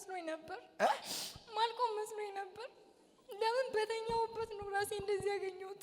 መስሎኝ ነበር። ማልቆም መስሎኝ ነበር። ለምን በተኛሁበት ነው ራሴ እንደዚህ ያገኘሁት?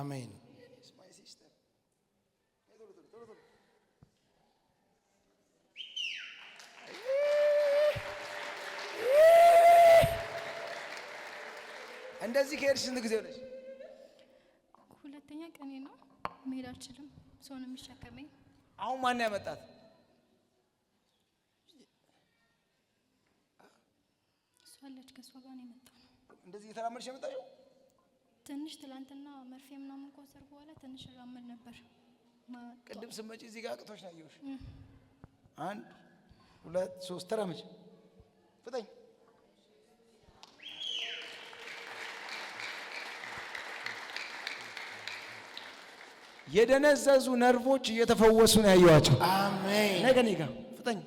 አሜን። እንደዚህ ከሄድሽ ስንት ጊዜ ሆነሽ? ሁለተኛ ቀኔ ነው። መሄድ አልችልም። ሰው ነው የሚሸከመኝ። አሁን ማን ያመጣት? እሷ አለች። ከእሷ ጋር ነው የመጣው። እንደዚህ እየተራመድሽ የመጣሽው ትንሽ ትላንትና መርፌ ምናምን ከወሰድኩ በኋላ ትንሽ እራመድ ነበር። ቅድም ስመጪ እዚህ ጋር ቅቶች ናየሁሽ። አንድ ሁለት ሶስት ተራመች ፍጠኝ። የደነዘዙ ነርቮች እየተፈወሱ ነው ያየኋቸው። አሜን። ነገ እኔ ጋር ፍጠኝ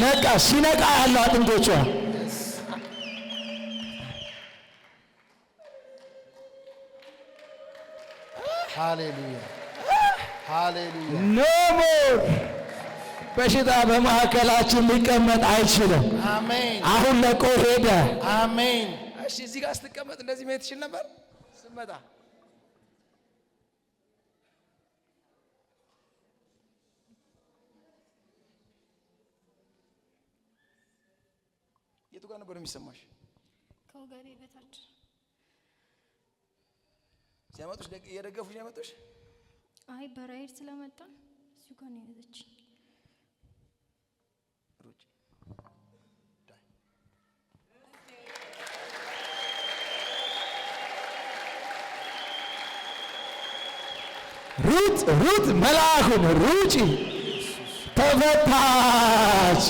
ነቃ ሲነቃ ያለ አጥንቶቿ ኖ ሞር በሽታ በማዕከላችን ሊቀመጥ አይችልም። አሁን ለቆ ሄደ። እዚህ ጋር ስትቀመጥ እንደዚህ መሄድ ትችል ነበር ስመጣ የቱ ጋር ነበር የሚሰማሽ? ከወገቤ በታች ሲያመጡሽ እየደገፉሽ ያመጡሽ? አይ በራይድ ስለመጣ እዚሁ ጋር ነው የያዘች። ሩጭ ሩጥ ሩጥ መልአኩን ሩጪ ተመታች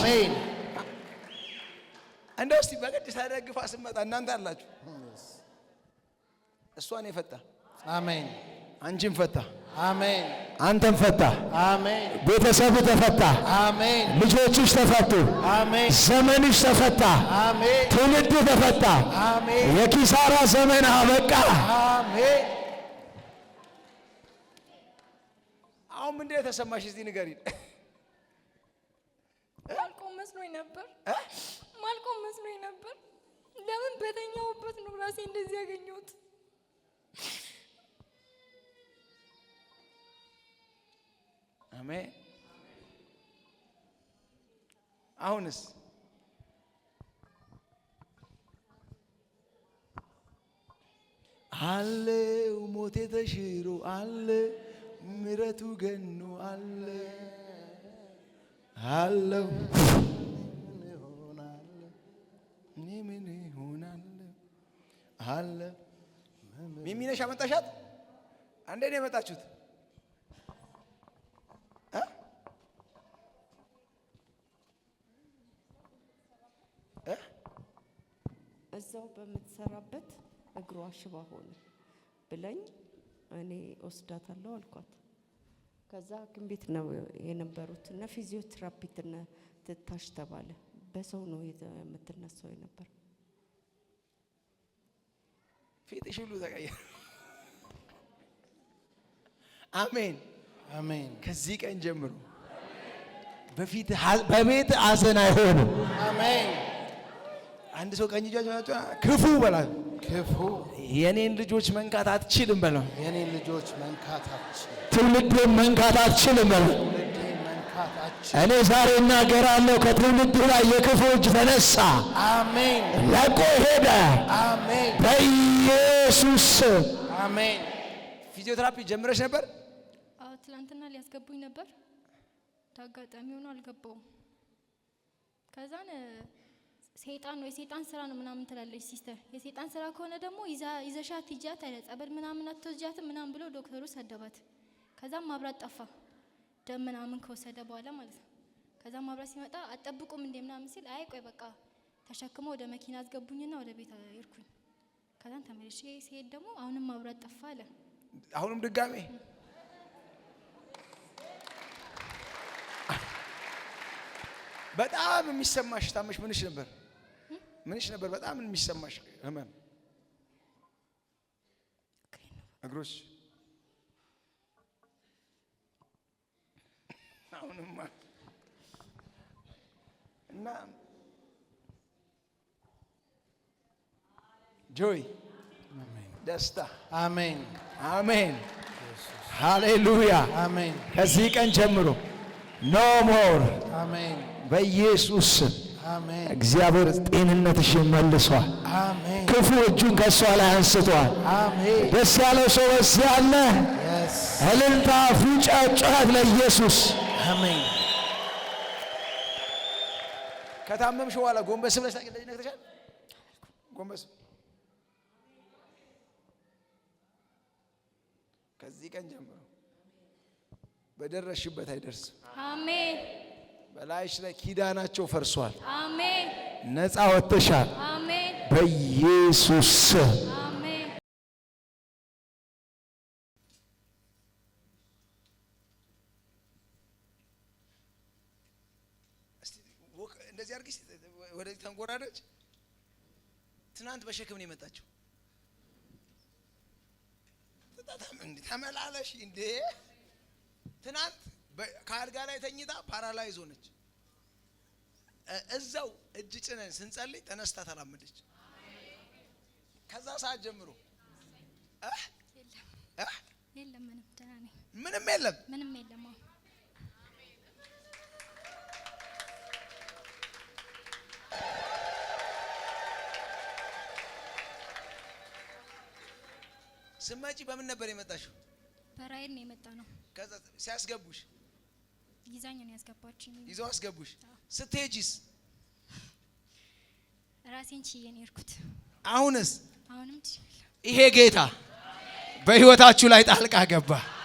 እንደው እስቲ በግድ ሳይደግፋ ስመጣ እናንተ አላችሁ። እሷን የፈታ አሜን። አንቺን ፈታ አሜን። አንተን ፈታ አሜን። ቤተሰብ ተፈታ አሜን። ልጆችሽ ተፈቱ አሜን። ዘመንሽ ተፈታ አሜን። ትውልድ ተፈታ አሜን። የኪሳራ ዘመን አበቃ አሜን። አሁን ምንድን ነው የተሰማሽ? እዚህ ንገሪ። አልቆ መስሎኝ ነበር ማልቆም መስሎኝ ነበር። ለምን በተኛሁበት ነው ራሴ እንደዚህ ያገኘሁት። አሜን። አሁንስ አለ ሞቴ ተሽሮ አለ ምረቱ ገኖ አለ አለው ነሽ አመጣሻት? አንዴ ነው የመጣችሁት? እዛው በምትሰራበት እግሯ ሽባ ሆነ ብለኝ እኔ ወስዳታለሁ አልኳት። ከዛ ሐኪም ቤት ነው የነበሩት እና ፊዚዮቴራፒ ትታሽ ተባለ። በሰው ነው የምትነሳው የነበር ፊትሽ ሁሉ ተቀየረ። አሜን አሜን። ከዚህ ቀን ጀምሮ በፊት በቤት ሐዘን አይሆንም። አሜን። አንድ ሰው ቀኝ እጃችሁ ክፉ በላት ክፉ የኔን ልጆች መንካት አትችልም በለው። የኔን ልጆች መንካት አትችልም። ትውልዴን መንካት አትችልም በለው። እኔ ዛሬ እናገራለሁ። ከትውልዱ ላይ የክፉ እጅ ተነሳ፣ አሜን። ለቆ ሄደ፣ አሜን። በኢየሱስ አሜን። ፊዚዮቴራፒ ጀምረሽ ነበር? አስገቡኝ ነበር። ታጋጣሚ ሆኖ አልገባውም። ከዛን ሰይጣን ነው የሰይጣን ስራ ነው ምናምን ትላለች ሲስተር። የሰይጣን ስራ ከሆነ ደግሞ ይዘሻት ይጃት አለ ጸበል ምናምን አትወስጃት ምናምን ብሎ ዶክተሩ ሰደባት። ከዛም ማብራት ጠፋ፣ ደም ምናምን ከወሰደ በኋላ ማለት ነው። ከዛ ማብራት ሲመጣ አጠብቁም እንደ ምናምን ሲል አይ ቆይ በቃ ተሸክሞ ወደ መኪና አስገቡኝና ወደ ቤት ሄድኩኝ። ከዛን ተመልሼ ሲሄድ ደግሞ አሁንም ማብራት ጠፋ አለ። አሁንም ድጋሜ በጣም የሚሰማሽ ታመሽ ምንሽ ነበር ምንሽ ነበር በጣም የሚሰማሽ ህመም እግሮች አሁንማ እና ጆይ ደስታ አሜን አሜን ሃሌሉያ አሜን ከዚህ ቀን ጀምሮ ኖ ሞር በኢየሱስ እግዚአብሔር ጤንነትሽን መልሷል። ክፉ እጁን ከእሷ ላይ አንስቷል። ደስ ያለው ሰው በዚህ ያለ እልልታ፣ ፉጫ፣ ጩኸት ለኢየሱስ። ከታመምሽ በኋላ ጎንበስ ብለሽ ነግተሻል። ጎንበስ ከዚህ ቀን ጀምሮ በደረሽበት አይደርስም። አሜን። በላይሽ ላይ ኪዳናቸው ፈርሷል። አሜን። ነፃ ወጥተሻል። አሜን። በኢየሱስ እንደዚህ አድርጊ። ወደዚህ ተንጎራደች። ትናንት በሸክም ነው የመጣችው። ተመላለሽ እንዴ ትናንት ከአልጋ ላይ ተኝታ ፓራላይዝ ሆነች። እዛው እጅ ጭነን ስንጸልይ ተነስታ ተራመደች። ከዛ ሰዓት ጀምሮ ምንም የለም ምንም የለም። ስመጪ በምን ነበር የመጣሽው? ነው የመጣ ነው። ከዛ ሲያስገቡሽ ይዛኝ ነው ያስገባችኝ። ይዘው አስገቡሽ። ስትሄጂስ ራሴን ችዬ ነው የሄድኩት። አሁንስ አሁንም ይሄ ጌታ በህይወታችሁ ላይ ጣልቃ ገባ።